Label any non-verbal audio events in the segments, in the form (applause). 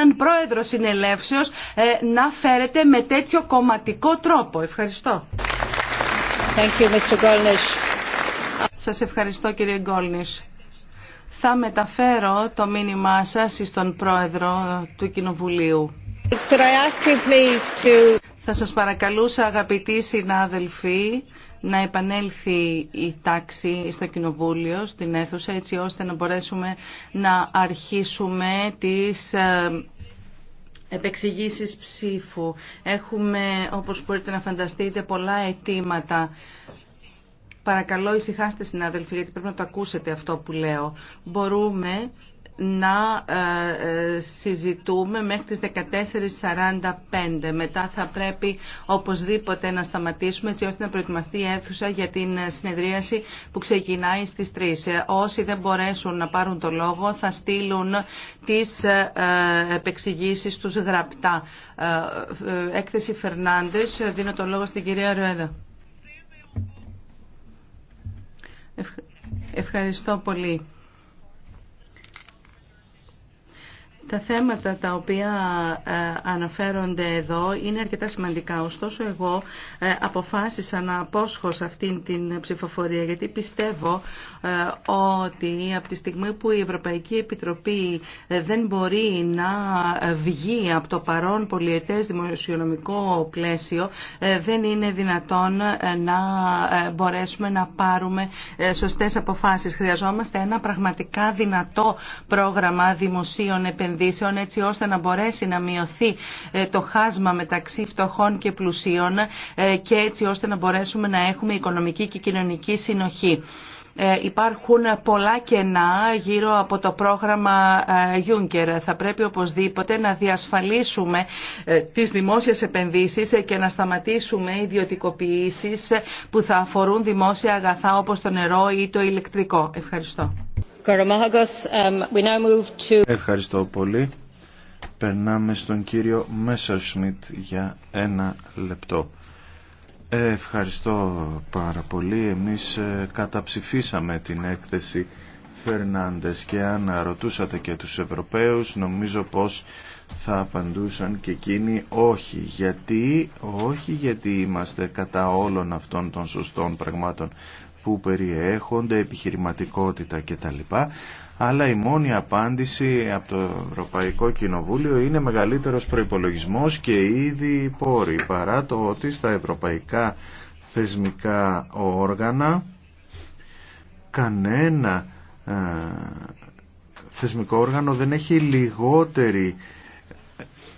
έναν πρόεδρο συνελεύσεως ε, να φέρεται με τέτοιο κομματικό τρόπο. Ευχαριστώ. Thank you, Mr. Σας ευχαριστώ κύριε Γκόλνης. Θα μεταφέρω το μήνυμά σας στον πρόεδρο του Κοινοβουλίου. Θα σας παρακαλούσα αγαπητοί συνάδελφοι να επανέλθει η τάξη στο Κοινοβούλιο, στην αίθουσα, έτσι ώστε να μπορέσουμε να αρχίσουμε τις ε, επεξηγήσεις ψήφου. Έχουμε, όπως μπορείτε να φανταστείτε, πολλά αιτήματα. Παρακαλώ, ησυχάστε συνάδελφοι, γιατί πρέπει να το ακούσετε αυτό που λέω. Μπορούμε να ε, ε, συζητούμε μέχρι τις 14.45. Μετά θα πρέπει οπωσδήποτε να σταματήσουμε έτσι ώστε να προετοιμαστεί η αίθουσα για την ε, συνεδρίαση που ξεκινάει στις 3. Όσοι δεν μπορέσουν να πάρουν το λόγο θα στείλουν τις επεξηγήσεις τους γραπτά. Έκθεση Φερνάντες, δίνω το λόγο στην κυρία Ρουέδα. Ευχαριστώ πολύ. Τα θέματα τα οποία ε, αναφέρονται εδώ είναι αρκετά σημαντικά. Ωστόσο, εγώ ε, αποφάσισα να απόσχω σε αυτήν την ψηφοφορία, γιατί πιστεύω ε, ότι από τη στιγμή που η Ευρωπαϊκή Επιτροπή δεν μπορεί να βγει από το παρόν πολιετές δημοσιονομικό πλαίσιο, δεν είναι δυνατόν να μπορέσουμε να πάρουμε σωστές αποφάσεις. Χρειαζόμαστε ένα πραγματικά δυνατό πρόγραμμα δημοσίων επενδύσεων επενδύσεων έτσι ώστε να μπορέσει να μειωθεί ε, το χάσμα μεταξύ φτωχών και πλουσίων ε, και έτσι ώστε να μπορέσουμε να έχουμε οικονομική και κοινωνική συνοχή. Ε, υπάρχουν πολλά κενά γύρω από το πρόγραμμα Juncker. Θα πρέπει οπωσδήποτε να διασφαλίσουμε τις δημόσιες επενδύσεις και να σταματήσουμε ιδιωτικοποιήσεις που θα αφορούν δημόσια αγαθά όπως το νερό ή το ηλεκτρικό. Ευχαριστώ. Um, Ευχαριστώ πολύ. Περνάμε στον κύριο Σμιτ για ένα λεπτό. Ευχαριστώ πάρα πολύ. Εμείς ε, καταψηφίσαμε την έκθεση Φερνάντες και αν ρωτούσατε και τους Ευρωπαίους νομίζω πως θα απαντούσαν και εκείνοι όχι. Γιατί, όχι γιατί είμαστε κατά όλων αυτών των σωστών πραγμάτων που περιέχονται, επιχειρηματικότητα κτλ. Αλλά η μόνη απάντηση από το Ευρωπαϊκό Κοινοβούλιο είναι μεγαλύτερος προϋπολογισμός και ήδη πόροι, παρά το ότι στα ευρωπαϊκά θεσμικά όργανα κανένα ε, θεσμικό όργανο δεν έχει λιγότερη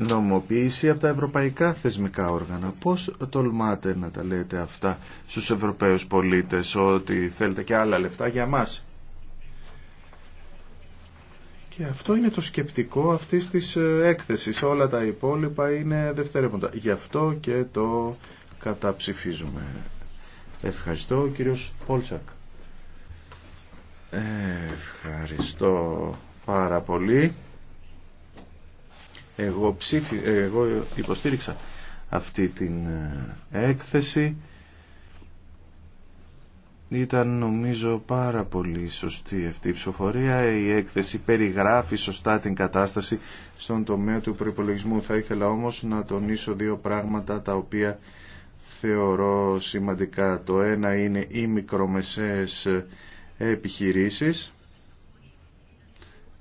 νομοποίηση από τα ευρωπαϊκά θεσμικά όργανα. Πώς τολμάτε να τα λέτε αυτά στους ευρωπαίους πολίτες ότι θέλετε και άλλα λεφτά για μας. Και αυτό είναι το σκεπτικό αυτής της ε, έκθεσης. Όλα τα υπόλοιπα είναι δευτερεύοντα. Γι' αυτό και το καταψηφίζουμε. Ευχαριστώ κύριος Πόλτσακ. Ε, ευχαριστώ πάρα πολύ. Εγώ, ψήφι, εγώ υποστήριξα αυτή την ε, έκθεση. Ήταν νομίζω πάρα πολύ σωστή αυτή η ψηφοφορία. Η έκθεση περιγράφει σωστά την κατάσταση στον τομέα του προπολογισμού. Θα ήθελα όμως να τονίσω δύο πράγματα τα οποία θεωρώ σημαντικά. Το ένα είναι οι μικρομεσαίες επιχειρήσεις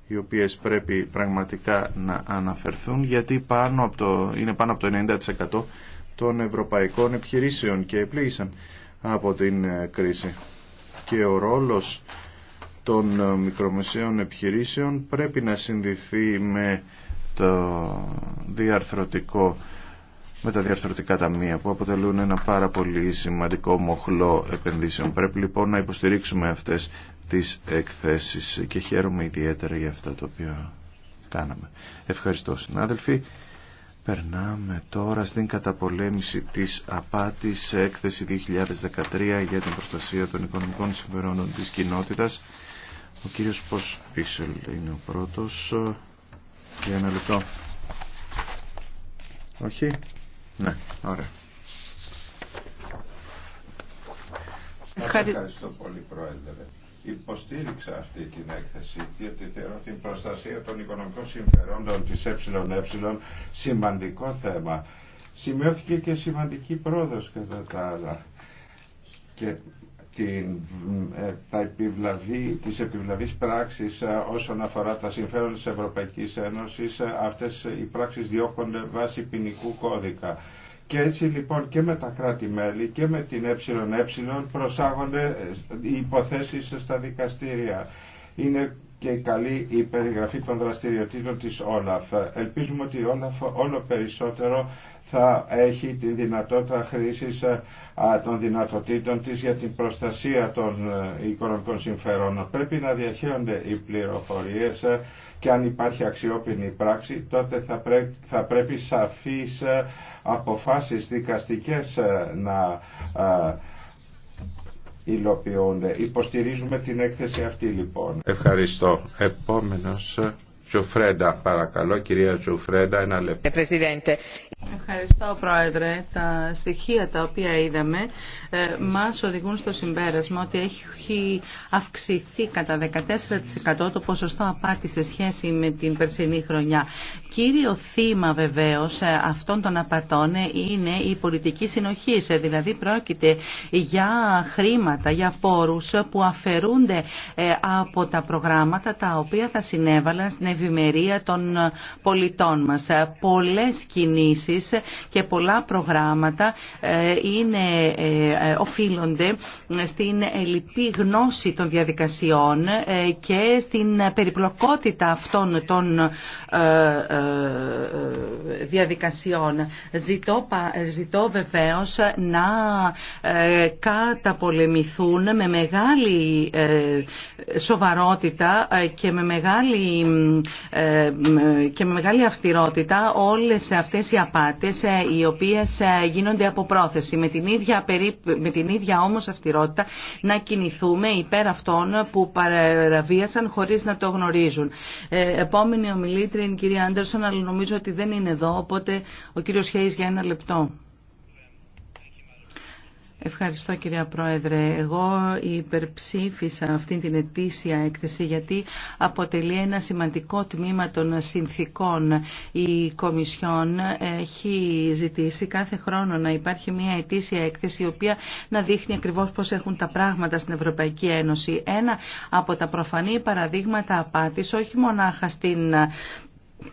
οι οποίες πρέπει πραγματικά να αναφερθούν γιατί πάνω το, είναι πάνω από το 90% των ευρωπαϊκών επιχειρήσεων και επλήγησαν από την ε, κρίση. Και ο ρόλος των ε, μικρομεσαίων επιχειρήσεων πρέπει να συνδυθεί με το διαρθρωτικό με τα διαρθρωτικά ταμεία που αποτελούν ένα πάρα πολύ σημαντικό μοχλό επενδύσεων. Πρέπει λοιπόν να υποστηρίξουμε αυτές τις εκθέσεις και χαίρομαι ιδιαίτερα για αυτά τα οποία κάναμε. Ευχαριστώ συνάδελφοι. Περνάμε τώρα στην καταπολέμηση της απάτης έκθεση 2013 για την προστασία των οικονομικών συμφερόντων της κοινότητας. Ο κύριος Πως Πίσελ είναι ο πρώτος. Για ένα λεπτό. Όχι. Ναι, ωραία. Ευχαριστώ πολύ, Πρόεδρε. Υποστήριξα αυτή την έκθεση διότι θεωρώ την προστασία των οικονομικών συμφερόντων της ΕΕ σημαντικό θέμα. Σημειώθηκε και σημαντική πρόοδος κατά τα άλλα. Και την, ε, τα επιβλαβή, τις πράξεις ε, όσον αφορά τα συμφέροντα της Ευρωπαϊκής Ένωσης, ε, αυτές οι πράξεις διώχονται βάσει ποινικού κώδικα. Και έτσι λοιπόν και με τα κράτη-μέλη και με την ΕΕ προσάγονται οι υποθέσεις στα δικαστήρια. Είναι και καλή η περιγραφή των δραστηριοτήτων της Όλαφ. Ελπίζουμε ότι η Όλαφ όλο περισσότερο θα έχει τη δυνατότητα χρήσης ε, των δυνατοτήτων της για την προστασία των ε, οικονομικών συμφερών. Πρέπει να διαχέονται οι πληροφορίες ε, και αν υπάρχει αξιόπινη πράξη τότε θα, θα πρέπει σαφείς αποφάσεις δικαστικές να υλοποιούνται. Υποστηρίζουμε την έκθεση αυτή λοιπόν. Ευχαριστώ. Επόμενος Τζουφρέντα, παρακαλώ, κυρία Τζουφρέντα, ένα λεπτό. Ε, Ευχαριστώ, Πρόεδρε. Τα στοιχεία τα οποία είδαμε ε, μας οδηγούν στο συμπέρασμα ότι έχει αυξηθεί κατά 14% το ποσοστό απάτη σε σχέση με την περσινή χρονιά. Κύριο θύμα βεβαίως ε, αυτών των απατών είναι η πολιτική συνοχή. Ε, δηλαδή πρόκειται για χρήματα, για πόρους που αφαιρούνται από τα προγράμματα τα οποία θα συνέβαλαν στην ευημερία των πολιτών μας. Πολλές κινήσεις και πολλά προγράμματα ε, είναι, ε, ε, οφείλονται στην ελληπή γνώση των διαδικασιών και στην περιπλοκότητα αυτών των διαδικασιών. Ζητώ, ζητώ βεβαίως να καταπολεμηθούν με μεγάλη σοβαρότητα και με μεγάλη, και με μεγάλη αυστηρότητα όλες αυτές οι απάντησεις ε, οι οποίες ε, γίνονται από πρόθεση. Με την ίδια, με την ίδια όμως αυστηρότητα να κινηθούμε υπέρ αυτών που παραβίασαν χωρίς να το γνωρίζουν. Ε, επόμενη ομιλήτρια είναι η κυρία Άντερσον, αλλά νομίζω ότι δεν είναι εδώ, οπότε ο κύριος Χέις για ένα λεπτό. Ευχαριστώ κυρία Πρόεδρε. Εγώ υπερψήφισα αυτή την ετήσια έκθεση γιατί αποτελεί ένα σημαντικό τμήμα των συνθήκων. Η Κομισιόν έχει ζητήσει κάθε χρόνο να υπάρχει μια ετήσια έκθεση η οποία να δείχνει ακριβώς πώς έχουν τα πράγματα στην Ευρωπαϊκή Ένωση. Ένα από τα προφανή παραδείγματα απάτης όχι μονάχα στην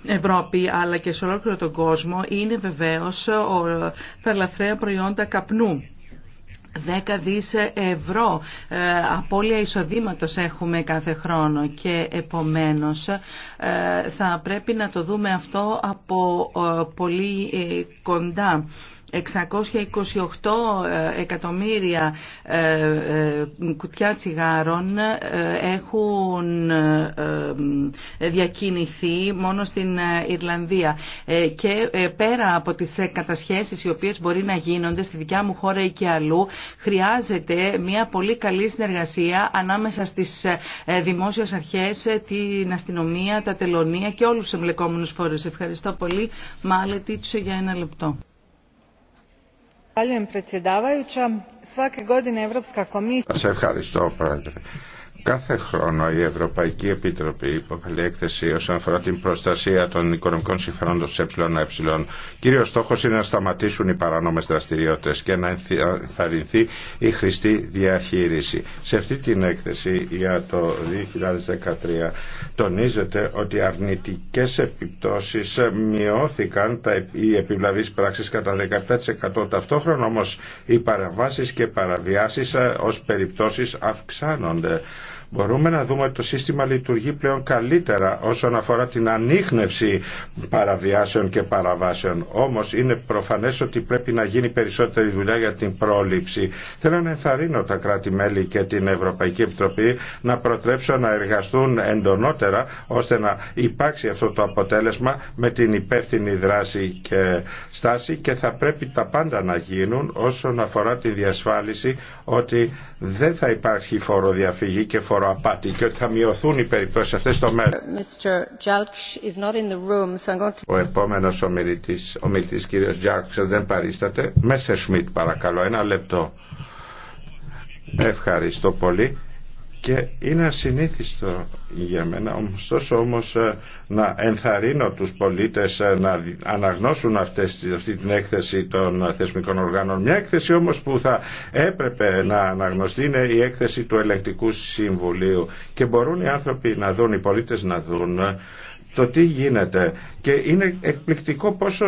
Ευρώπη αλλά και σε ολόκληρο τον κόσμο είναι βεβαίως τα λαθρέα προϊόντα καπνού 10 δις ευρώ ε, απώλεια εισοδήματος έχουμε κάθε χρόνο και επομένως ε, θα πρέπει να το δούμε αυτό από ε, πολύ ε, κοντά. 628 ε, εκατομμύρια ε, ε, κουτιά τσιγάρων έχουν διακινηθεί μόνο στην Ιρλανδία και πέρα από τις κατασχέσεις οι οποίες μπορεί να γίνονται στη δικιά μου χώρα ή και αλλού χρειάζεται μια πολύ καλή συνεργασία ανάμεσα στις δημόσιες αρχές, την αστυνομία, τα τελωνία και όλους τους εμπλεκόμενους φορείς. Ευχαριστώ πολύ. Τίτσο για ένα λεπτό. Σας ευχαριστώ, Πρόεδρε. Κάθε χρόνο η Ευρωπαϊκή Επιτροπή υποκαλεί έκθεση όσον αφορά την προστασία των οικονομικών συμφερόντων σε ΕΕ. Κύριο στόχο είναι να σταματήσουν οι παράνομε δραστηριότητε και να ενθαρρυνθεί η χρηστή διαχείριση. Σε αυτή την έκθεση για το 2013 τονίζεται ότι αρνητικέ επιπτώσει μειώθηκαν οι επιβλαβεί πράξει κατά 17%. Ταυτόχρονα όμω οι παραβάσει και παραβιάσει ε, ω περιπτώσει αυξάνονται μπορούμε να δούμε ότι το σύστημα λειτουργεί πλέον καλύτερα όσον αφορά την ανείχνευση παραβιάσεων και παραβάσεων. Όμως είναι προφανές ότι πρέπει να γίνει περισσότερη δουλειά για την πρόληψη. Θέλω να ενθαρρύνω τα κράτη-μέλη και την Ευρωπαϊκή Επιτροπή να προτρέψω να εργαστούν εντονότερα ώστε να υπάρξει αυτό το αποτέλεσμα με την υπεύθυνη δράση και στάση και θα πρέπει τα πάντα να γίνουν όσον αφορά τη διασφάλιση ότι δεν θα υπάρχει φοροδιαφυγή και φοροαπάτη και ότι θα μειωθούν οι περιπτώσεις αυτές στο μέλλον. Ο επόμενος ομιλητής, ομιλητής κύριος Τζάρξ δεν παρίσταται. Μέσερ Σμιτ παρακαλώ, ένα λεπτό. Ευχαριστώ πολύ και είναι ασυνήθιστο για μένα ωστόσο όμως ε, να ενθαρρύνω τους πολίτες ε, να αναγνώσουν αυτές, αυτή την έκθεση των ε, θεσμικών οργάνων μια έκθεση όμως που θα έπρεπε να αναγνωστεί είναι η έκθεση του Ελεκτικού Συμβουλίου και μπορούν οι άνθρωποι να δουν, οι πολίτες να δουν το τι γίνεται και είναι εκπληκτικό πόσο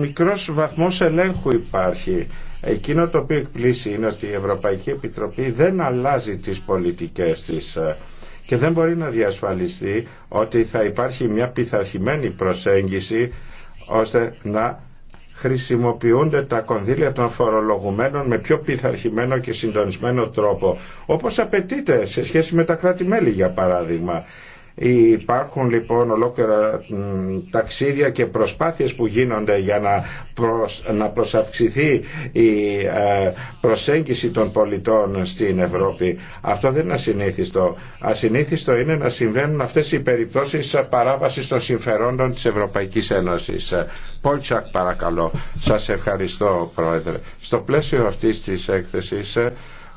μικρός βαθμός ελέγχου υπάρχει Εκείνο το οποίο εκπλήσει είναι ότι η Ευρωπαϊκή Επιτροπή δεν αλλάζει τις πολιτικές της ε, και δεν μπορεί να διασφαλιστεί ότι θα υπάρχει μια πειθαρχημένη προσέγγιση ώστε να χρησιμοποιούνται τα κονδύλια των φορολογουμένων με πιο πειθαρχημένο και συντονισμένο τρόπο, όπως απαιτείται σε σχέση με τα κράτη-μέλη για παράδειγμα. Υπάρχουν λοιπόν ολόκληρα ταξίδια και προσπάθειες που γίνονται για να, να προσαυξηθεί η ε, προσέγγιση των πολιτών στην Ευρώπη. Αυτό δεν είναι ασυνήθιστο. Ασυνήθιστο είναι να συμβαίνουν αυτές οι περιπτώσεις παράβασης των συμφερόντων της Ευρωπαϊκής Ένωσης. Πόλτσακ παρακαλώ. Σας ευχαριστώ Πρόεδρε. Στο πλαίσιο αυτής της έκθεσης ε,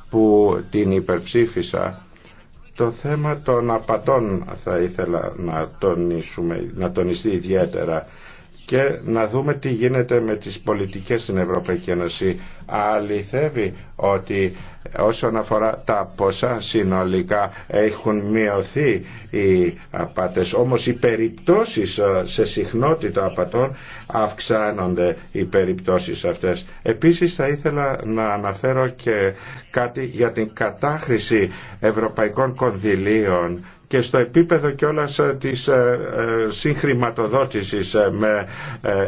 που την υπερψήφισα το θέμα των απατών θα ήθελα να τονίσουμε, να τονιστεί ιδιαίτερα και να δούμε τι γίνεται με τις πολιτικές στην Ευρωπαϊκή Ένωση. Αληθεύει ότι όσον αφορά τα ποσά συνολικά έχουν μειωθεί οι απάτες, όμως οι περιπτώσεις ε, σε συχνότητα απατών αυξάνονται οι περιπτώσεις αυτές. Επίσης θα ήθελα να αναφέρω και κάτι για την κατάχρηση ευρωπαϊκών κονδυλίων και στο επίπεδο κιόλας ε, της ε, ε, συγχρηματοδότησης με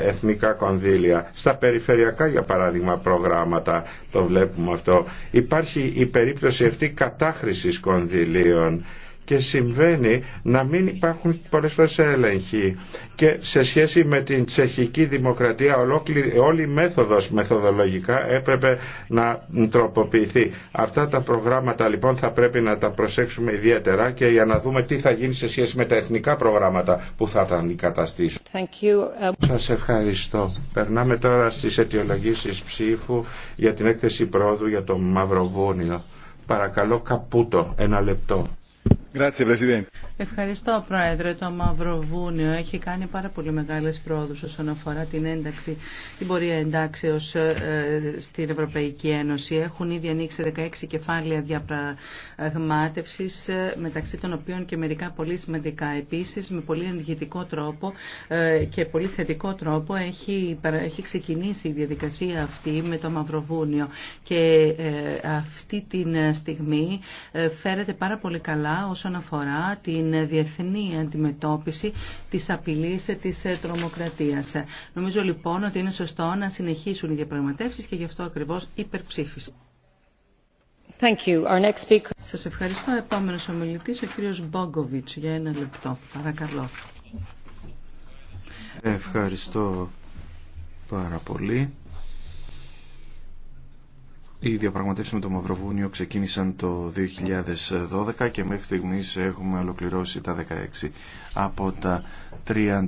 εθνικά κονδύλια. Στα περιφερειακά για παράδειγμα προγράμματα το βλέπουμε αυτό. Υπάρχει η περίπτωση αυτή κατάχρησης κονδυλίων και συμβαίνει να μην υπάρχουν πολλές φορές έλεγχοι και σε σχέση με την τσεχική δημοκρατία ολόκληρη, όλη η μέθοδος μεθοδολογικά έπρεπε να τροποποιηθεί. Αυτά τα προγράμματα λοιπόν θα πρέπει να τα προσέξουμε ιδιαίτερα και για να δούμε τι θα γίνει σε σχέση με τα εθνικά προγράμματα που θα τα αντικαταστήσουν. Um, Σας ευχαριστώ. Περνάμε τώρα στις αιτιολογήσεις ψήφου για την έκθεση πρόοδου για το Μαυροβούνιο. Παρακαλώ καπούτο ένα λεπτό. Ευχαριστώ, Πρόεδρε. Το Μαυροβούνιο έχει κάνει πάρα πολύ μεγάλε πρόοδους όσον αφορά την ένταξη, την πορεία εντάξεως ε, στην Ευρωπαϊκή Ένωση. Έχουν ήδη ανοίξει 16 κεφάλαια διαπραγμάτευσης, ε, μεταξύ των οποίων και μερικά πολύ σημαντικά. επίση, με πολύ ενεργητικό τρόπο ε, και πολύ θετικό τρόπο έχει, ξεκινήσει η διαδικασία αυτή με το Μαυροβούνιο. Και αυτή τη στιγμή φέρεται πάρα πολύ καλά όσον αφορά την διεθνή αντιμετώπιση της απειλής της τρομοκρατίας. Νομίζω λοιπόν ότι είναι σωστό να συνεχίσουν οι διαπραγματεύσεις και γι' αυτό ακριβώς υπερψήφιση. Thank you. Our next speaker... Σας ευχαριστώ. Επόμενος ομιλητής, ο κύριος Μπόγκοβιτς, για ένα λεπτό. Παρακαλώ. Ευχαριστώ πάρα πολύ. Οι διαπραγματεύσεις με το Μαυροβούνιο ξεκίνησαν το 2012 και μέχρι στιγμής έχουμε ολοκληρώσει τα 16 από τα 32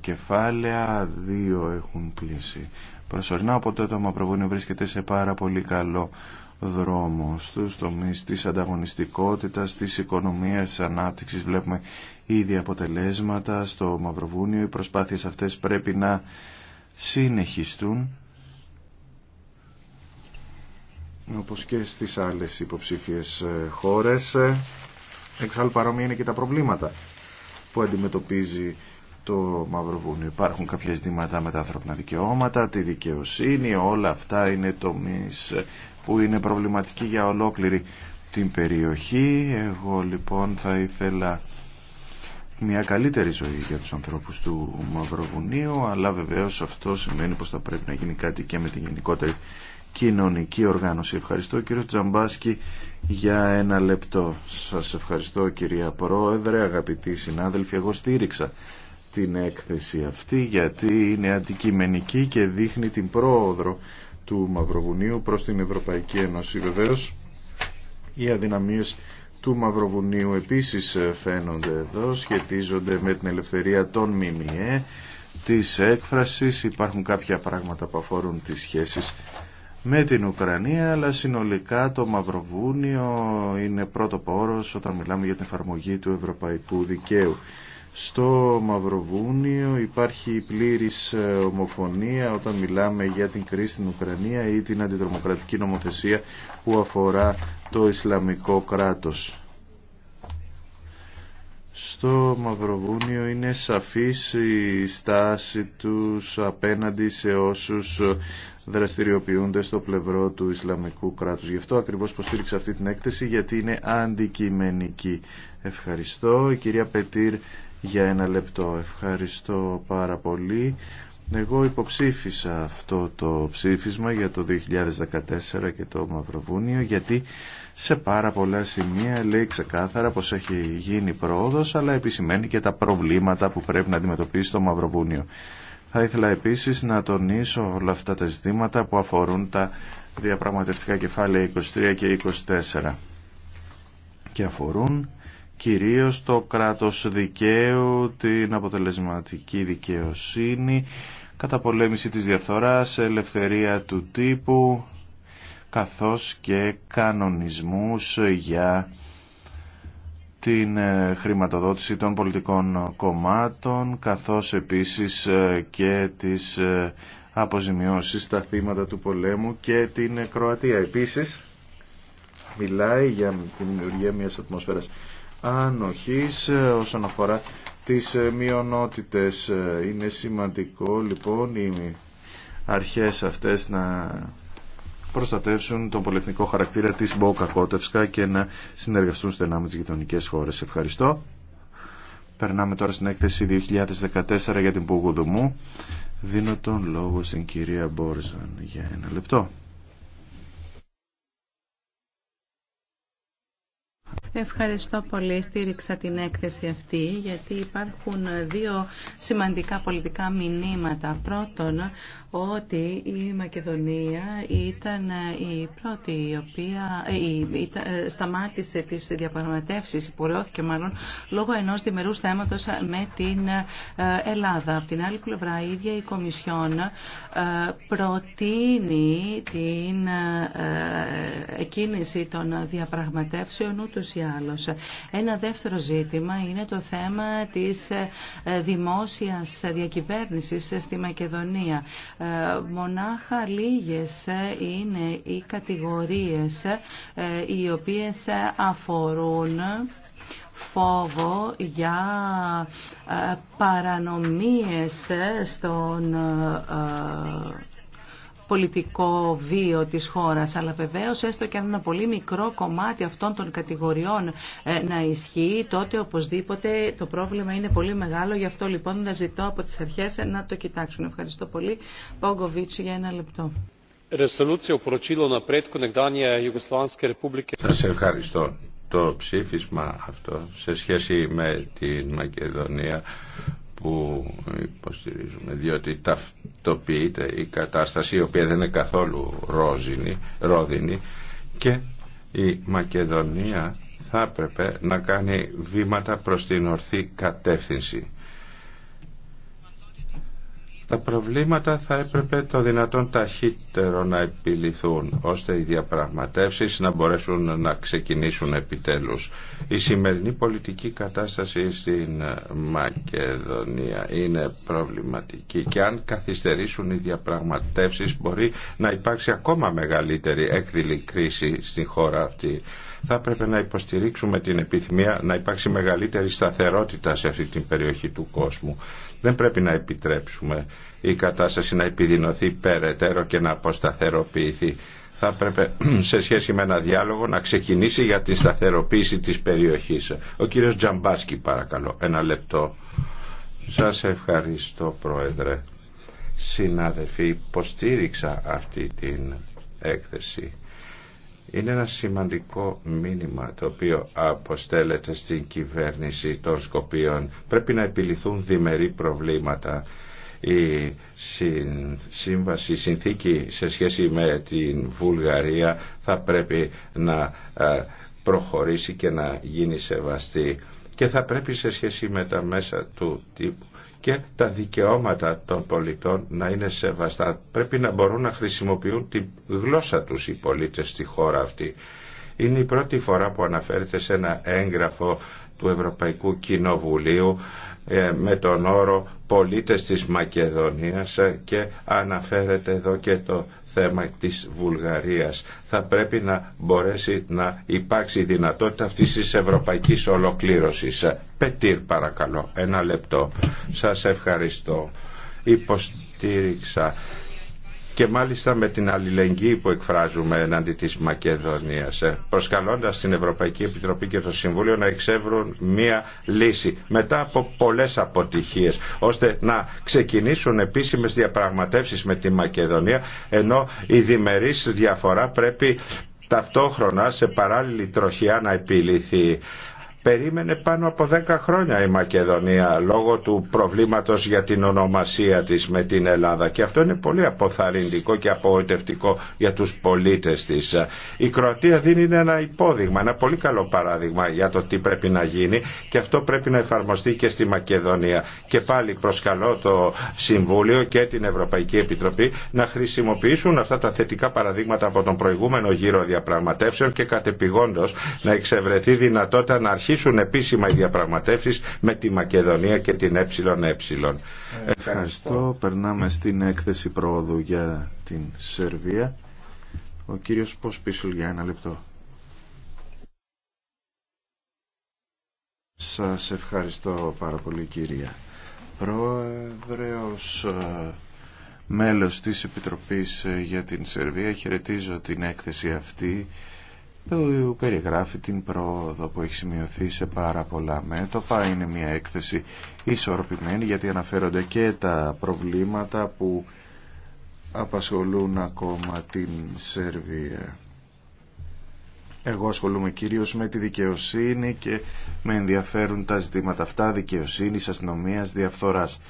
κεφάλαια, δύο έχουν πλήσει προσωρινά, οπότε το Μαυροβούνιο βρίσκεται σε πάρα πολύ καλό δρόμο στους τομείς της ανταγωνιστικότητας, της οικονομίας, της ανάπτυξης. Βλέπουμε ήδη αποτελέσματα στο Μαυροβούνιο. Οι προσπάθειες αυτές πρέπει να συνεχιστούν όπως και στις άλλες υποψήφιες ε, χώρες. Ε, εξάλλου παρόμοια είναι και τα προβλήματα που αντιμετωπίζει το Μαυροβούνιο. Υπάρχουν κάποια ζητήματα με τα ανθρώπινα δικαιώματα, τη δικαιοσύνη, όλα αυτά είναι τομείς ε, που είναι προβληματικοί για ολόκληρη την περιοχή. Εγώ λοιπόν θα ήθελα μια καλύτερη ζωή για τους ανθρώπους του Μαυροβουνίου, αλλά βεβαίως αυτό σημαίνει πως θα πρέπει να γίνει κάτι και με την γενικότερη κοινωνική οργάνωση. Ευχαριστώ κύριο Τζαμπάσκι για ένα λεπτό. Σας ευχαριστώ κυρία Πρόεδρε, αγαπητοί συνάδελφοι. Εγώ στήριξα την έκθεση αυτή γιατί είναι αντικειμενική και δείχνει την πρόοδρο του Μαυροβουνίου προς την Ευρωπαϊκή Ένωση. Βεβαίω. οι αδυναμίες του Μαυροβουνίου επίσης φαίνονται εδώ, σχετίζονται με την ελευθερία των ΜΜΕ, της έκφρασης, υπάρχουν κάποια πράγματα που αφορούν τις σχέσεις με την Ουκρανία, αλλά συνολικά το Μαυροβούνιο είναι πρώτο πόρος όταν μιλάμε για την εφαρμογή του ευρωπαϊκού δικαίου. Στο Μαυροβούνιο υπάρχει πλήρης ε, ομοφωνία όταν μιλάμε για την κρίση στην Ουκρανία ή την αντιτρομοκρατική νομοθεσία που αφορά το Ισλαμικό κράτος στο Μαυροβούνιο είναι σαφής η στάση τους απέναντι σε όσους δραστηριοποιούνται στο πλευρό του Ισλαμικού κράτους. Γι' αυτό ακριβώς προστήριξα αυτή την έκθεση γιατί είναι αντικειμενική. Ευχαριστώ. Η κυρία Πετήρ για ένα λεπτό. Ευχαριστώ πάρα πολύ. Εγώ υποψήφισα αυτό το ψήφισμα για το 2014 και το Μαυροβούνιο γιατί σε πάρα πολλά σημεία λέει ξεκάθαρα πως έχει γίνει πρόοδος αλλά επισημαίνει και τα προβλήματα που πρέπει να αντιμετωπίσει το Μαυροβούνιο. Θα ήθελα επίσης να τονίσω όλα αυτά τα ζητήματα που αφορούν τα διαπραγματευτικά κεφάλαια 23 και 24 και αφορούν κυρίως το κράτος δικαίου, την αποτελεσματική δικαιοσύνη, καταπολέμηση της διαφθοράς, ελευθερία του τύπου, καθώς και κανονισμούς για την ε, χρηματοδότηση των πολιτικών κομμάτων, καθώς επίσης ε, και τις ε, αποζημιώσεις στα θύματα του πολέμου και την Κροατία. Επίσης, μιλάει για την δημιουργία μιας ατμόσφαιρας ανοχής όσον αφορά τις ε, μειονότητες. Ε, είναι σημαντικό λοιπόν οι αρχές αυτές να προστατεύσουν τον πολυεθνικό χαρακτήρα της Μπόκα Κότευσκα και να συνεργαστούν στενά με τις γειτονικές χώρες. Ευχαριστώ. Περνάμε τώρα στην έκθεση 2014 για την Πουγουδουμού. Δίνω τον λόγο στην κυρία Μπόρζαν για ένα λεπτό. Ευχαριστώ πολύ. Στήριξα την έκθεση αυτή γιατί υπάρχουν δύο σημαντικά πολιτικά μηνύματα. Πρώτον, ότι η Μακεδονία ήταν η πρώτη η οποία ε, ε, σταμάτησε τις διαπραγματεύσεις, υπορεώθηκε μάλλον λόγω ενός διμερούς θέματος με την ε, Ελλάδα. Από την άλλη πλευρά η ίδια η Κομισιόν προτείνει την εκκίνηση των διαπραγματεύσεων ούτως ή ένα δεύτερο ζήτημα είναι το θέμα της ε, δημόσιας διακυβέρνησης στη Μακεδονία. Ε, μονάχα λίγες ε, είναι οι κατηγορίες οι οποίες αφορούν φόβο για παρανομίες στον πολιτικό βίο της χώρας. Αλλά βεβαίως έστω και αν ένα πολύ μικρό κομμάτι αυτών των κατηγοριών ε, να ισχύει, τότε οπωσδήποτε το πρόβλημα είναι πολύ μεγάλο. Γι' αυτό λοιπόν θα ζητώ από τις αρχές να το κοιτάξουν. Ευχαριστώ πολύ. Πόγκοβιτς για ένα λεπτό. Σα ευχαριστώ. Το ψήφισμα αυτό σε σχέση με την Μακεδονία που υποστηρίζουμε διότι ταυτοποιείται η κατάσταση η οποία δεν είναι καθόλου ρόζινη, ρόδινη και η Μακεδονία θα έπρεπε να κάνει βήματα προς την ορθή κατεύθυνση τα προβλήματα θα έπρεπε το δυνατόν ταχύτερο να επιληθούν, ώστε οι διαπραγματεύσεις να μπορέσουν να ξεκινήσουν επιτέλους. Η σημερινή πολιτική κατάσταση στην Μακεδονία είναι προβληματική και αν καθυστερήσουν οι διαπραγματεύσεις μπορεί να υπάρξει ακόμα μεγαλύτερη έκδηλη κρίση στην χώρα αυτή. Θα έπρεπε να υποστηρίξουμε την επιθυμία να υπάρξει μεγαλύτερη σταθερότητα σε αυτή την περιοχή του κόσμου. Δεν πρέπει να επιτρέψουμε η κατάσταση να επιδεινωθεί περαιτέρω και να αποσταθεροποιηθεί. Θα πρέπει (clears throat) σε σχέση με ένα διάλογο να ξεκινήσει για τη σταθεροποίηση της περιοχής. Ο κύριος Τζαμπάσκι παρακαλώ, ένα λεπτό. Σας ευχαριστώ Πρόεδρε. Συνάδελφοι, υποστήριξα αυτή την έκθεση είναι ένα σημαντικό μήνυμα το οποίο αποστέλλεται στην κυβέρνηση των Σκοπίων. Πρέπει να επιληθούν διμερεί προβλήματα. Η σύμβαση, συνθήκη σε σχέση με την Βουλγαρία θα πρέπει να ε, προχωρήσει και να γίνει σεβαστή και θα πρέπει σε σχέση με τα μέσα του τύπου και τα δικαιώματα των πολιτών να είναι σεβαστά. Πρέπει να μπορούν να χρησιμοποιούν τη γλώσσα τους οι πολίτες στη χώρα αυτή. Είναι η πρώτη φορά που αναφέρεται σε ένα έγγραφο του Ευρωπαϊκού Κοινοβουλίου ε, με τον όρο πολίτες της Μακεδονίας ε, και αναφέρεται εδώ και το θέμα της Βουλγαρίας. Θα πρέπει να μπορέσει να υπάρξει δυνατότητα αυτής της ευρωπαϊκής ολοκλήρωσης. Ε, Πετήρ παρακαλώ, ένα λεπτό. Σας ευχαριστώ. Υποστήριξα και μάλιστα με την αλληλεγγύη που εκφράζουμε εναντί της Μακεδονίας ε, προσκαλώντας την Ευρωπαϊκή Επιτροπή και το Συμβούλιο να εξεύρουν μία λύση μετά από πολλές αποτυχίες ώστε να ξεκινήσουν επίσημες διαπραγματεύσεις με τη Μακεδονία ενώ η διμερής διαφορά πρέπει ταυτόχρονα σε παράλληλη τροχιά να επιληθεί περίμενε πάνω από 10 χρόνια η Μακεδονία λόγω του προβλήματος για την ονομασία της με την Ελλάδα και αυτό είναι πολύ αποθαρρυντικό και απογοητευτικό για τους πολίτες της. Η Κροατία δίνει ένα υπόδειγμα, ένα πολύ καλό παράδειγμα για το τι πρέπει να γίνει και αυτό πρέπει να εφαρμοστεί και στη Μακεδονία. Και πάλι προσκαλώ το Συμβούλιο και την Ευρωπαϊκή Επιτροπή να χρησιμοποιήσουν αυτά τα θετικά παραδείγματα από τον προηγούμενο γύρο διαπραγματεύσεων και κατεπηγόντως να εξευρεθεί δυνατότητα να αρχίσει αρχίσουν επίσημα οι διαπραγματεύσεις με τη Μακεδονία και την ΕΕ. Ευχαριστώ. Ευχαριστώ. Περνάμε στην έκθεση πρόοδου για την Σερβία. Ο κύριος Ποσπίσουλ για ένα λεπτό. Σας ευχαριστώ πάρα πολύ κυρία Πρόεδρε ως ε, μέλος της Επιτροπής ε, για την Σερβία χαιρετίζω την έκθεση αυτή που περιγράφει την πρόοδο που έχει σημειωθεί σε πάρα πολλά μέτωπα. Είναι μια έκθεση ισορροπημένη γιατί αναφέρονται και τα προβλήματα που απασχολούν ακόμα την Σερβία. Εγώ ασχολούμαι κυρίως με τη δικαιοσύνη και με ενδιαφέρουν τα ζητήματα αυτά δικαιοσύνης, αστυνομίας, διαφθοράς.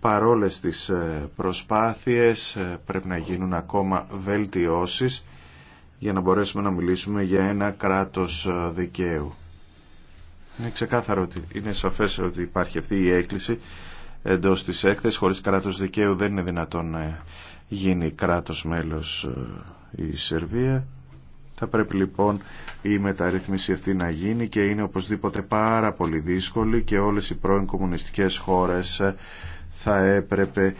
Παρόλες τις ε, προσπάθειες ε, πρέπει να γίνουν ακόμα βελτιώσεις για να μπορέσουμε να μιλήσουμε για ένα κράτος ε, δικαίου. Είναι ξεκάθαρο ότι είναι σαφές ότι υπάρχει αυτή η έκκληση εντός της έκθεσης. Χωρίς κράτος δικαίου δεν είναι δυνατόν να γίνει κράτος μέλος ε, η Σερβία. Θα πρέπει λοιπόν η μεταρρύθμιση αυτή να γίνει και είναι οπωσδήποτε πάρα πολύ δύσκολη και όλες οι πρώην κομμουνιστικές χώρες ε, θα έπρεπε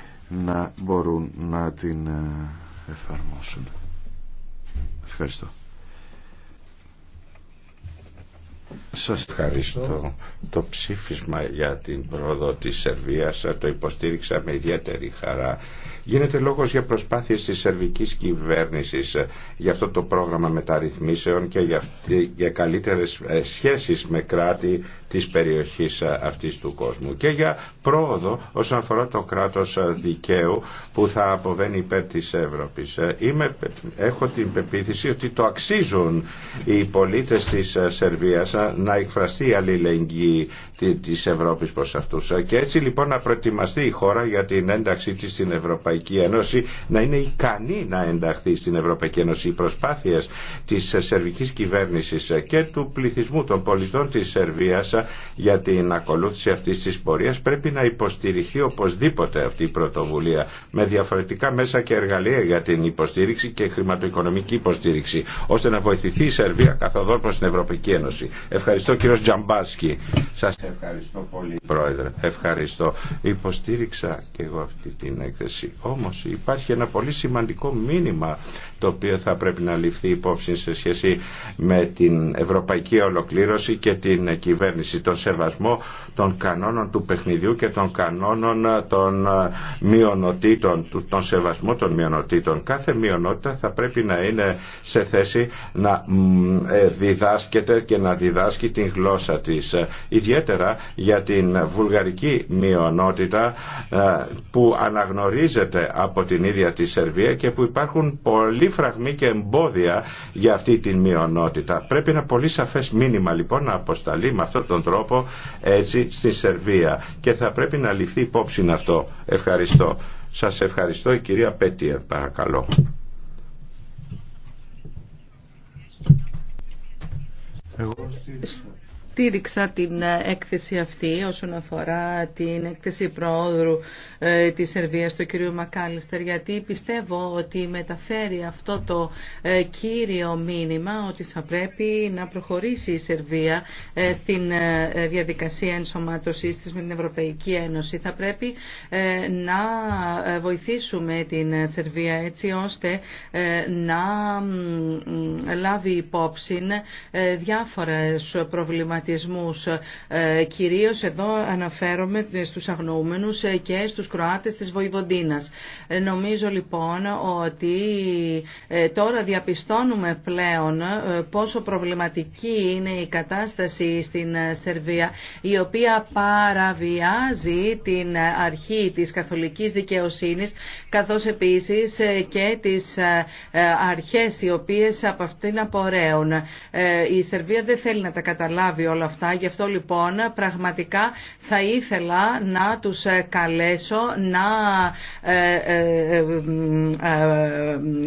να μπορούν να την εφαρμόσουν. Ευχαριστώ. Σας ευχαριστώ. Το ψήφισμα για την πρόοδο της Σερβίας ε, το υποστήριξα με ιδιαίτερη χαρά. Γίνεται λόγος για προσπάθειες της σερβικής κυβέρνησης ε, για αυτό το πρόγραμμα μεταρρυθμίσεων και για, για καλύτερες ε, σχέσεις με κράτη της περιοχής αυτής του κόσμου και για πρόοδο όσον αφορά το κράτος δικαίου που θα αποβαίνει υπέρ της Ευρώπη. έχω την πεποίθηση ότι το αξίζουν οι πολίτες της Σερβίας να εκφραστεί η αλληλεγγύη της Ευρώπης προς αυτούς. Και έτσι λοιπόν να προετοιμαστεί η χώρα για την ένταξή της στην Ευρωπαϊκή Ένωση, να είναι ικανή να ενταχθεί στην Ευρωπαϊκή Ένωση. Οι προσπάθειες της σερβικής κυβέρνησης και του πληθυσμού των πολιτών της Σερβίας για την ακολούθηση αυτής της πορείας πρέπει να υποστηριχθεί οπωσδήποτε αυτή η πρωτοβουλία με διαφορετικά μέσα και εργαλεία για την υποστήριξη και χρηματοοικονομική υποστήριξη ώστε να βοηθηθεί η Σερβία καθοδόν προς την Ευρωπαϊκή Ένωση ευχαριστώ κύριο Τζαμπάσκι. Σας ευχαριστώ πολύ πρόεδρε. Ευχαριστώ. Υποστήριξα και εγώ αυτή την έκθεση. Όμως υπάρχει ένα πολύ σημαντικό μήνυμα το οποίο θα πρέπει να ληφθεί υπόψη σε σχέση με την ευρωπαϊκή ολοκλήρωση και την κυβέρνηση. Τον σεβασμό των κανόνων του παιχνιδιού και των κανόνων των μειονοτήτων, τον σεβασμό των μειονοτήτων. Κάθε μειονότητα θα πρέπει να είναι σε θέση να ε, διδάσκεται και να διδάσκεται διδάσκει την γλώσσα της. Ε, ιδιαίτερα για την βουλγαρική μειονότητα ε, που αναγνωρίζεται από την ίδια τη Σερβία και που υπάρχουν πολλοί φραγμοί και εμπόδια για αυτή την μειονότητα. Πρέπει ένα πολύ σαφές μήνυμα λοιπόν να αποσταλεί με αυτόν τον τρόπο έτσι στη Σερβία και θα πρέπει να ληφθεί υπόψη αυτό. Ευχαριστώ. Σας ευχαριστώ η κυρία Πέτια παρακαλώ. Εγώ στήριξα στήριξα την έκθεση αυτή όσον αφορά την έκθεση προόδρου ε, της Σερβίας του κ. Μακάλιστερ γιατί πιστεύω ότι μεταφέρει αυτό το ε, κύριο μήνυμα ότι θα πρέπει να προχωρήσει η Σερβία ε, στην διαδικασία ενσωμάτωσής της με την Ευρωπαϊκή Ένωση. Θα πρέπει να βοηθήσουμε την Σερβία έτσι ώστε να λάβει υπόψη διάφορες προβληματικές Κυρίω ε, Κυρίως εδώ αναφέρομαι στους αγνοούμενους ε, και στους Κροάτες της Βοηβοντίνας. Ε, νομίζω λοιπόν ότι τώρα διαπιστώνουμε πλέον πόσο προβληματική είναι η κατάσταση στην Σερβία η οποία παραβιάζει την αρχή της καθολικής δικαιοσύνης καθώς επίσης και τις αρχές οι οποίες από αυτήν απορρέουν. Η Σερβία δεν θέλει να τα καταλάβει όλα αυτά. Γι' αυτό λοιπόν πραγματικά θα ήθελα να τους ε, καλέσω να ε, ε,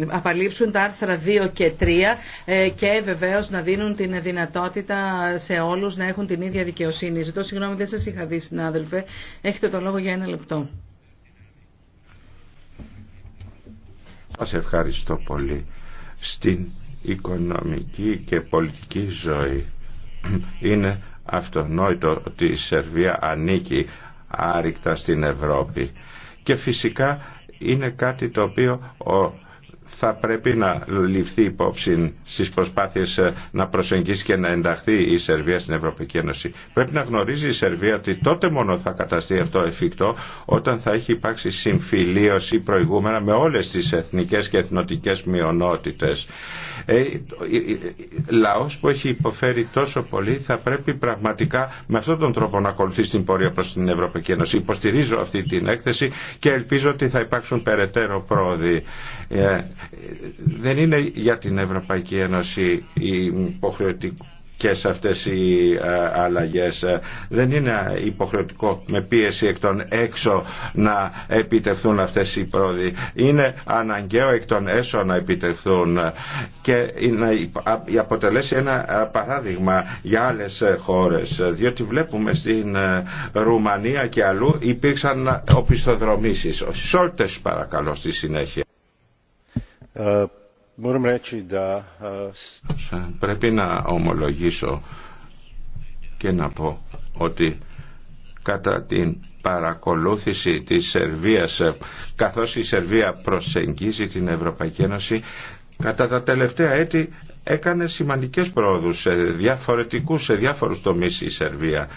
απαλείψουν τα άρθρα 2 και 3 και βεβαίως να δίνουν την δυνατότητα σε όλους να έχουν την ίδια δικαιοσύνη. Ζητώ συγγνώμη δεν σας είχα δει συνάδελφε. Έχετε το λόγο για ένα λεπτό. Σας ευχαριστώ πολύ. Στην οικονομική και πολιτική ζωή είναι αυτονόητο ότι η Σερβία ανήκει άρρηκτα στην Ευρώπη. Και φυσικά είναι κάτι το οποίο ο θα πρέπει να ληφθεί υπόψη στις προσπάθειες ε, να προσεγγίσει και να ενταχθεί η Σερβία στην Ευρωπαϊκή Ένωση. Πρέπει να γνωρίζει η Σερβία ότι τότε μόνο θα καταστεί αυτό εφικτό όταν θα έχει υπάρξει συμφιλίωση προηγούμενα με όλες τις εθνικές και εθνοτικέ μειονότητες. Ε, λαός που έχει υποφέρει τόσο πολύ θα πρέπει πραγματικά με αυτόν τον τρόπο να ακολουθεί την πορεία προς την Ευρωπαϊκή Ένωση. Υποστηρίζω αυτή την έκθεση και ελπίζω ότι θα υπάρξουν περαιτέρω πρόοδοι. Ε, δεν είναι για την Ευρωπαϊκή Ένωση οι υποχρεωτικές αυτές οι ε, αλλαγές. Δεν είναι υποχρεωτικό με πίεση εκ των έξω να επιτευχθούν αυτές οι πρόοδοι. Είναι αναγκαίο εκ των έσω να επιτευχθούν και να αποτελέσει ένα ε, παράδειγμα για άλλες ε, χώρες. Διότι βλέπουμε στην Ρουμανία και αλλού υπήρξαν οπισθοδρομήσεις. σόλτες παρακαλώ στη συνέχεια. Πρέπει να ομολογήσω και να πω ότι κατά την παρακολούθηση της Σερβίας καθώς η Σερβία προσεγγίζει την Ευρωπαϊκή Ένωση κατά τα τελευταία έτη έκανε σημαντικές πρόοδους σε, διαφορετικούς, σε διάφορους τομείς η Σερβία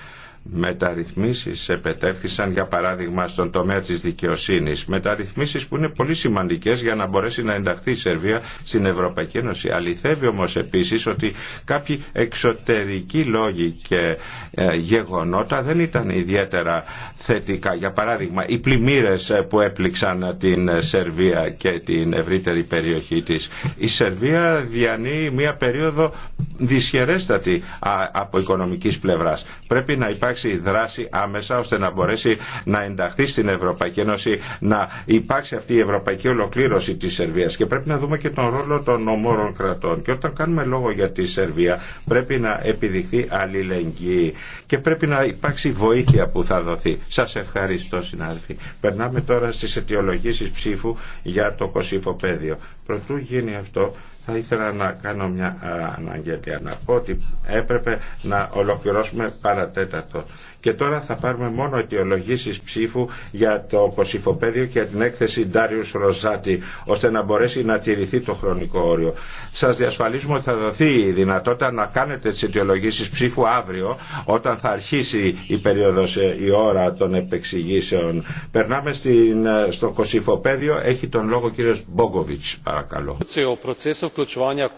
μεταρρυθμίσεις επετέφθησαν για παράδειγμα στον τομέα της δικαιοσύνης μεταρρυθμίσεις που είναι πολύ σημαντικές για να μπορέσει να ενταχθεί η Σερβία στην Ευρωπαϊκή Ένωση αληθεύει όμως επίσης ότι κάποιοι εξωτερικοί λόγοι και ε, γεγονότα δεν ήταν ιδιαίτερα θετικά για παράδειγμα οι πλημμύρες ε, που έπληξαν την ε, Σερβία και την ευρύτερη περιοχή της η Σερβία διανύει μια περίοδο δυσχερέστατη από οικονομικής πλευράς πρέπει να υπάρχει υπάρξει δράση άμεσα ώστε να μπορέσει να ενταχθεί στην Ευρωπαϊκή Ένωση, να υπάρξει αυτή η ευρωπαϊκή ολοκλήρωση τη Σερβία. Και πρέπει να δούμε και τον ρόλο των ομόρων κρατών. Και όταν κάνουμε λόγο για τη Σερβία, πρέπει να επιδειχθεί αλληλεγγύη και πρέπει να υπάρξει βοήθεια που θα δοθεί. Σα ευχαριστώ, συνάδελφοι. Περνάμε τώρα στι αιτιολογήσει ψήφου για το Κωσίφο Πέδιο. Προτού γίνει αυτό, θα ήθελα να κάνω μια ε, αναγγελία να πω ότι έπρεπε να ολοκληρώσουμε παρατέτατο. Και τώρα θα πάρουμε μόνο αιτιολογήσεις ψήφου για το κοσυφοπέδιο και την έκθεση Ντάριους Ροζάτη, ώστε να μπορέσει να τηρηθεί το χρονικό όριο. Σας διασφαλίζουμε ότι θα δοθεί η δυνατότητα να κάνετε τις αιτιολογήσεις ψήφου αύριο, όταν θα αρχίσει η περίοδος, ε, η ώρα των επεξηγήσεων. Περνάμε στην, ε, στο κοσυφοπέδιο. Έχει τον λόγο ο κύριος Μπόγκοβιτς, παρακαλώ.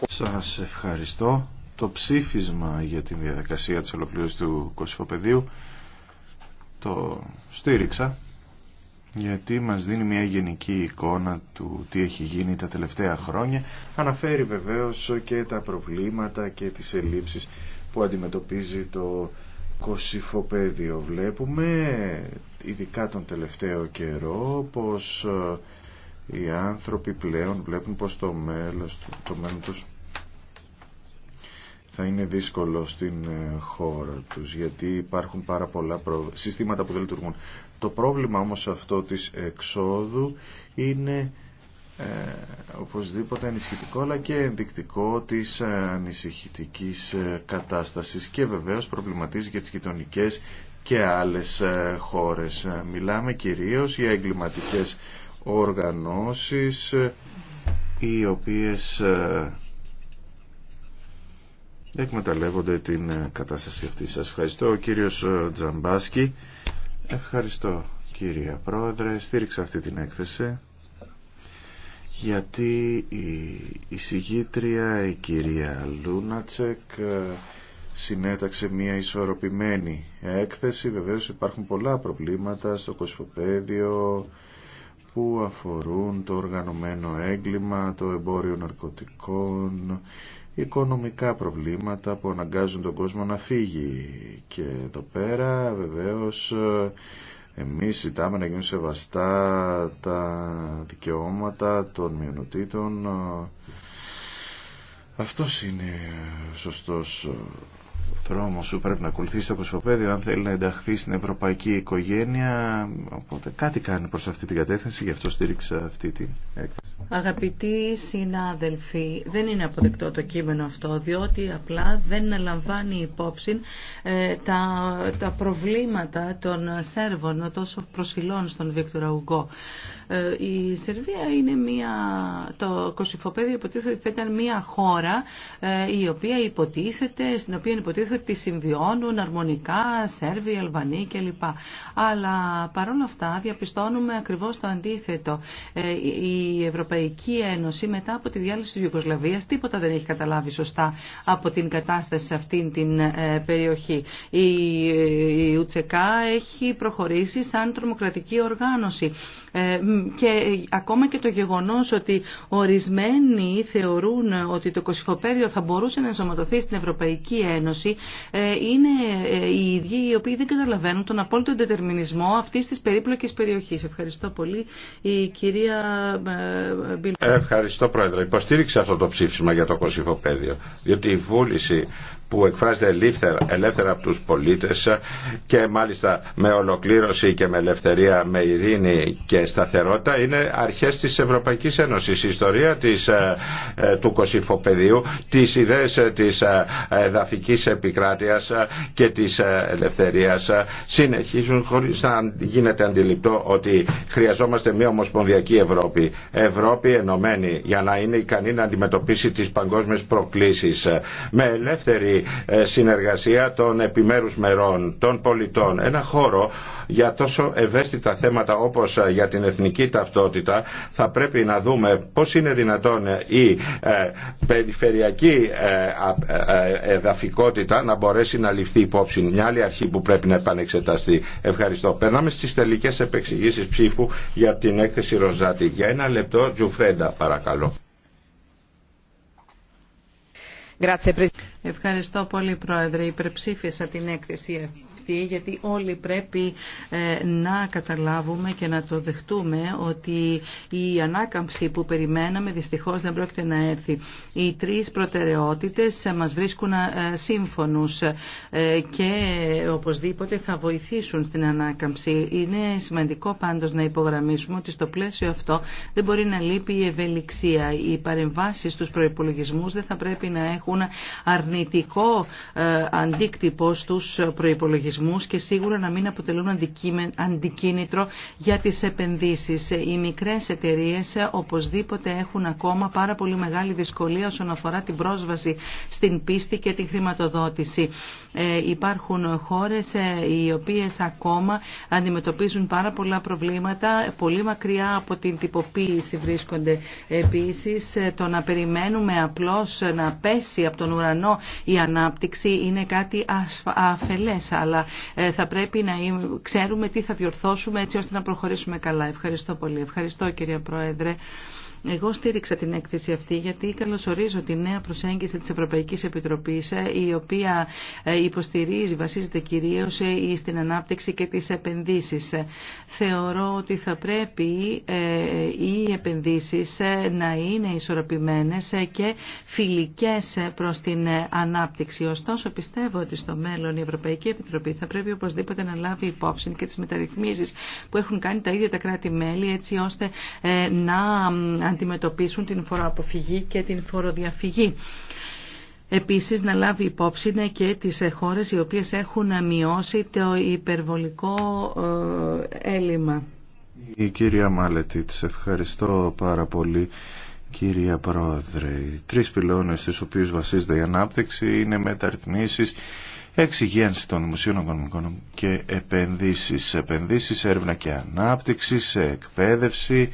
Σας ευχαριστώ το ψήφισμα για την διαδικασία της ολοκλήρωσης του Κωσυφοπεδίου το στήριξα γιατί μας δίνει μια γενική εικόνα του τι έχει γίνει τα τελευταία χρόνια. Αναφέρει βεβαίως και τα προβλήματα και τις ελλείψεις που αντιμετωπίζει το κοσυφοπέδιο. Βλέπουμε, ειδικά τον τελευταίο καιρό, πως ε, οι άνθρωποι πλέον βλέπουν πως το μέλλον, το μέλλον τους θα είναι δύσκολο στην ε, χώρα τους γιατί υπάρχουν πάρα πολλά συστήματα που δεν λειτουργούν. Το πρόβλημα όμως αυτό της εξόδου είναι ε, οπωσδήποτε ανησυχητικό αλλά και ενδεικτικό της ε, ανησυχητικής ε, κατάστασης και βεβαίως προβληματίζει και τις γειτονικέ και άλλες χώρες. Μιλάμε κυρίως για εγκληματικές οργανώσεις οι οποίες εκμεταλλεύονται την ε, κατάσταση αυτή. Σας ευχαριστώ. Ο κύριος ε, Τζαμπάσκι. Ευχαριστώ κύριε Πρόεδρε. Στήριξα αυτή την έκθεση γιατί η εισηγήτρια, η κυρία Λούνατσεκ ε, συνέταξε μια ισορροπημένη έκθεση. Βεβαίως υπάρχουν πολλά προβλήματα στο κοσφοπέδιο που αφορούν το οργανωμένο έγκλημα, το εμπόριο ναρκωτικών, οικονομικά προβλήματα που αναγκάζουν τον κόσμο να φύγει. Και εδώ πέρα βεβαίως εμείς ζητάμε να γίνουν σεβαστά τα δικαιώματα των μειονοτήτων. Αυτός είναι σωστός δρόμος που πρέπει να ακολουθήσει το κοσμοπέδιο αν θέλει να ενταχθεί στην ευρωπαϊκή οικογένεια. Οπότε κάτι κάνει προς αυτή την κατεύθυνση, γι' αυτό στήριξα αυτή την έκθεση. Αγαπητοί συνάδελφοι, δεν είναι αποδεκτό το κείμενο αυτό, διότι απλά δεν λαμβάνει υπόψη ε, τα, τα προβλήματα των Σέρβων τόσο προσφυλών στον Βίκτορα Ουγκό. Ε, η Σερβία είναι μια το Κωσυφοπέδιο υποτίθεται θα ήταν μια χώρα ε, η οποία υποτίθεται, στην οποία υποτίθεται ότι συμβιώνουν αρμονικά Σέρβοι, Αλβανοί κλπ. Αλλά παρόλα αυτά διαπιστώνουμε ακριβώς το αντίθετο. Ε, η Ευρωπαϊκή Ένωση μετά από τη διάλυση της Ιουγκοσλαβίας τίποτα δεν έχει καταλάβει σωστά από την κατάσταση σε αυτήν την ε, περιοχή. Η Ουτσεκά έχει προχωρήσει σαν τρομοκρατική οργάνωση και ακόμα και το γεγονός ότι Ορισμένοι θεωρούν ότι το κοσυφοπαίδιο θα μπορούσε να ενσωματωθεί στην Ευρωπαϊκή Ένωση. Ε, είναι ε, οι ίδιοι οι οποίοι δεν καταλαβαίνουν τον απόλυτο εντετερμινισμό αυτή τη περίπλοκη περιοχή. Ευχαριστώ πολύ. Η κυρία ε, Ευχαριστώ, Πρόεδρε. Υποστήριξε αυτό το ψήφισμα για το κοσυφοπαίδιο, διότι η βούληση που εκφράζεται ελεύθερα, από τους πολίτες και μάλιστα με ολοκλήρωση και με ελευθερία, με ειρήνη και σταθερότητα είναι αρχές της Ευρωπαϊκής Ένωσης. Η ιστορία ε, ε, του Κωσυφοπεδίου, τις ιδέες ε, της εδαφικής επικράτειας και της ελευθερίας συνεχίζουν χωρίς να γίνεται αντιληπτό ότι χρειαζόμαστε μια ομοσπονδιακή Ευρώπη. Ευρώπη ενωμένη για να είναι ικανή να αντιμετωπίσει τις παγκόσμιες προκλήσεις με ελεύθερη ε, συνεργασία των επιμέρους μερών, των πολιτών. Ένα χώρο για τόσο ευαίσθητα θέματα όπως ε, για την εθνική ταυτότητα θα πρέπει να δούμε πώς είναι δυνατόν ε, η περιφερειακή εδαφικότητα να μπορέσει να ληφθεί υπόψη. Μια άλλη αρχή που πρέπει να επανεξεταστεί. Ευχαριστώ. Περνάμε στις τελικές επεξηγήσεις ψήφου για την έκθεση Ροζάτη. Για ένα λεπτό Τζουφρέντα παρακαλώ. Ευχαριστώ πολύ, Πρόεδρε. Υπερψήφισα την έκθεση γιατί όλοι πρέπει ε, να καταλάβουμε και να το δεχτούμε ότι η ανάκαμψη που περιμέναμε δυστυχώς δεν πρόκειται να έρθει. Οι τρεις προτεραιότητες ε, μας βρίσκουν ε, σύμφωνους και οπωσδήποτε θα βοηθήσουν στην ανάκαμψη. Είναι σημαντικό πάντως να υπογραμμίσουμε ότι στο πλαίσιο αυτό δεν μπορεί να λείπει η ευελιξία. Οι παρεμβάσεις στους προϋπολογισμούς δεν θα πρέπει να έχουν αρνητικό αντίκτυπο στους προϋπολογισμούς και σίγουρα να μην αποτελούν αντικίνητρο για τις επενδύσεις. Οι μικρές εταιρείες οπωσδήποτε έχουν ακόμα πάρα πολύ μεγάλη δυσκολία όσον αφορά την πρόσβαση στην πίστη και την χρηματοδότηση. Ε, υπάρχουν χώρες ε, οι οποίες ακόμα αντιμετωπίζουν πάρα πολλά προβλήματα, πολύ μακριά από την τυποποίηση βρίσκονται. Επίσης, ε, το να περιμένουμε απλώς να πέσει από τον ουρανό η ανάπτυξη είναι κάτι αφελές, αλλά ε, θα πρέπει να ξέρουμε τι θα διορθώσουμε έτσι ώστε να προχωρήσουμε καλά. Ευχαριστώ πολύ. Ευχαριστώ κυρία Πρόεδρε. Εγώ στήριξα την έκθεση αυτή γιατί καλωσορίζω τη νέα προσέγγιση της Ευρωπαϊκής Επιτροπής ε, η οποία ε, υποστηρίζει, βασίζεται κυρίως στην ε, ανάπτυξη και τις επενδύσεις. Θεωρώ ότι θα πρέπει οι επενδύσεις να είναι ισορροπημένες και φιλικές προς την ανάπτυξη. Ωστόσο πιστεύω ότι στο μέλλον η Ευρωπαϊκή Επιτροπή θα πρέπει οπωσδήποτε να λάβει υπόψη και τις μεταρρυθμίσεις που έχουν κάνει τα ίδια τα κράτη-μέλη έτσι ώστε να αντιμετωπίσουν την φοροαποφυγή και την φοροδιαφυγή. Επίσης να λάβει υπόψη και τις χώρες οι οποίες έχουν μειώσει το υπερβολικό ε, έλλειμμα. Η κυρία Μάλετη, της ευχαριστώ πάρα πολύ. Κυρία Πρόεδρε, οι τρεις πυλώνες στις οποίους βασίζεται η ανάπτυξη είναι μεταρρυθμίσεις, εξυγένση των δημοσίων οικονομικών και επενδύσεις. Επενδύσεις, έρευνα και ανάπτυξη, σε εκπαίδευση,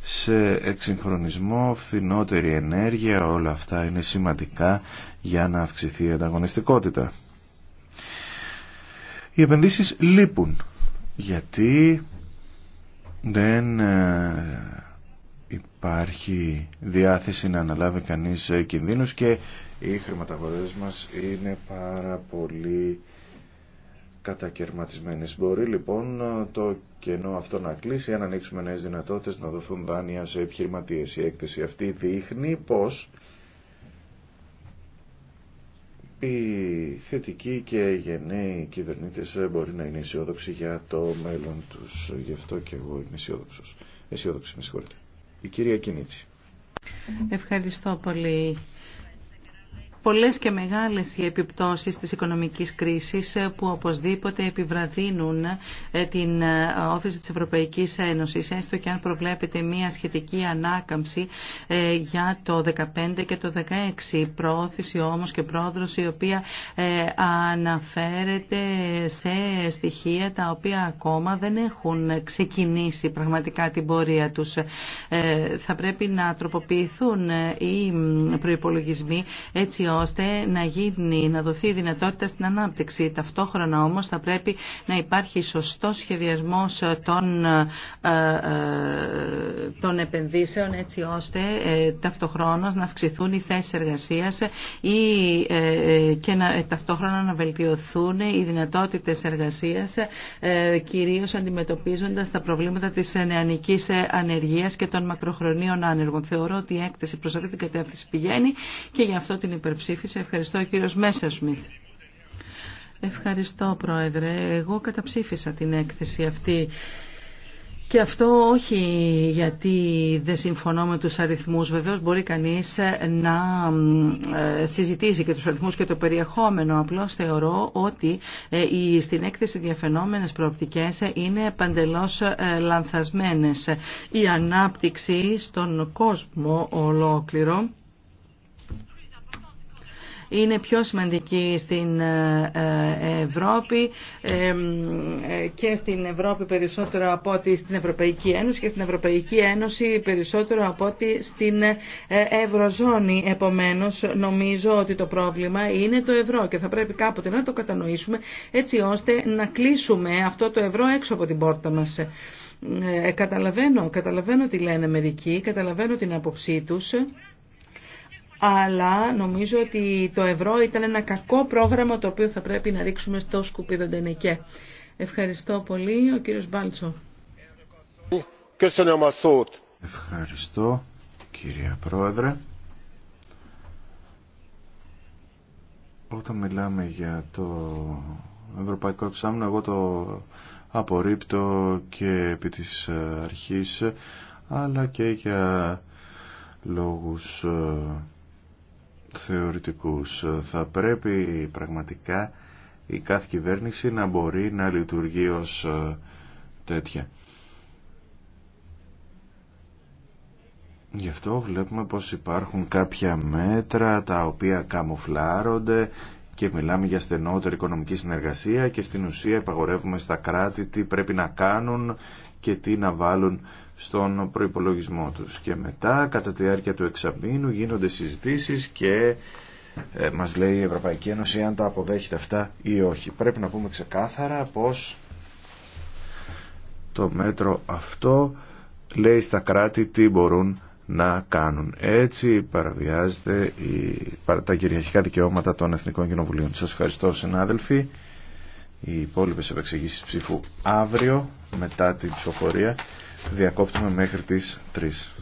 σε εξυγχρονισμό, φθηνότερη ενέργεια, όλα αυτά είναι σημαντικά για να αυξηθεί η ανταγωνιστικότητα. Οι επενδύσεις λείπουν γιατί δεν ε, υπάρχει διάθεση να αναλάβει κανείς ε, κινδύνους και οι χρηματαγορές μας είναι πάρα πολύ κατακαιρματισμένες. Μπορεί λοιπόν το κενό αυτό να κλείσει αν ανοίξουμε νέες δυνατότητες να δοθούν δάνεια σε επιχειρηματίες. Η έκθεση αυτή δείχνει πως οι θετικοί και γενναίοι κυβερνήτες μπορεί να είναι αισιόδοξοι για το μέλλον τους. Γι' αυτό και εγώ είμαι αισιόδοξος. Αισιόδοξη, με συγχωρείτε. Η κυρία Κινίτση. Ευχαριστώ πολύ Πολλές και μεγάλες οι επιπτώσεις της οικονομικής κρίσης που οπωσδήποτε επιβραδύνουν ε, την ε, όθηση της Ευρωπαϊκής Ένωσης, έστω και αν προβλέπεται μια σχετική ανάκαμψη ε, για το 2015 και το 2016. Προώθηση όμως και πρόδρος η οποία αναφέρεται σε στοιχεία τα οποία ακόμα δεν έχουν ξεκινήσει πραγματικά την πορεία τους. Θα πρέπει να τροποποιηθούν οι προϋπολογισμοί έτσι ώστε να, γίνει, να δοθεί δυνατότητα στην ανάπτυξη. Ταυτόχρονα όμως θα πρέπει να υπάρχει σωστό σχεδιασμός των, ε, ε, των επενδύσεων έτσι ώστε ε, ταυτοχρόνως να αυξηθούν οι θέσεις εργασίας ή, και να, ταυτόχρονα να βελτιωθούν οι δυνατότητες εργασίας κυρίως αντιμετωπίζοντας τα προβλήματα της νεανικής ανεργίας και των μακροχρονίων άνεργων. Θεωρώ ότι η έκθεση προς την κατεύθυνση πηγαίνει και γι' αυτό την υπερβολή. Ευχαριστώ ο κύριος Ευχαριστώ Πρόεδρε. Εγώ καταψήφισα την έκθεση αυτή. Και αυτό όχι γιατί δεν συμφωνώ με τους αριθμούς. Βεβαίως μπορεί κανείς να ε, συζητήσει και τους αριθμούς και το περιεχόμενο. Απλώς θεωρώ ότι ε, στην έκθεση διαφαινόμενες προοπτικές είναι παντελώς ε, λανθασμένες. Η ανάπτυξη στον κόσμο ολόκληρο είναι πιο σημαντική στην ε, ε, Ευρώπη ε, και στην Ευρώπη περισσότερο από ότι στην Ευρωπαϊκή Ένωση και στην Ευρωπαϊκή Ένωση περισσότερο από ότι στην Ευρωζώνη. Επομένως νομίζω ότι το πρόβλημα είναι το ευρώ και θα πρέπει κάποτε να το κατανοήσουμε έτσι ώστε να κλείσουμε αυτό το ευρώ έξω από την πόρτα μας. Ε, καταλαβαίνω, καταλαβαίνω τι λένε μερικοί, καταλαβαίνω την άποψή τους αλλά νομίζω ότι το ευρώ ήταν ένα κακό πρόγραμμα το οποίο θα πρέπει να ρίξουμε στο σκουπίδο Ευχαριστώ πολύ. Ο κύριος Μπάλτσο. Ευχαριστώ κύριε Πρόεδρε. Όταν μιλάμε για το Ευρωπαϊκό Εξάμεινο, εγώ το απορρίπτω και επί της ε, αρχής, αλλά και για λόγους ε, θεωρητικούς. Θα πρέπει πραγματικά η κάθε κυβέρνηση να μπορεί να λειτουργεί ως ε, τέτοια. Γι' αυτό βλέπουμε πως υπάρχουν κάποια μέτρα τα οποία καμουφλάρονται και μιλάμε για στενότερη οικονομική συνεργασία και στην ουσία επαγορεύουμε στα κράτη τι πρέπει να κάνουν και τι να βάλουν στον προϋπολογισμό τους. Και μετά, κατά τη διάρκεια του εξαμήνου, γίνονται συζητήσεις και ε, μας λέει η Ευρωπαϊκή Ένωση αν τα αποδέχεται αυτά ή όχι. Πρέπει να πούμε ξεκάθαρα πως το μέτρο αυτό λέει στα κράτη τι μπορούν να κάνουν. Έτσι παραβιάζεται η, τα κυριαρχικά δικαιώματα των Εθνικών Κοινοβουλίων. Σας ευχαριστώ συνάδελφοι. Οι υπόλοιπε επεξηγήσεις ψήφου αύριο μετά την ψηφοφορία διακόπτουμε μέχρι τις 3.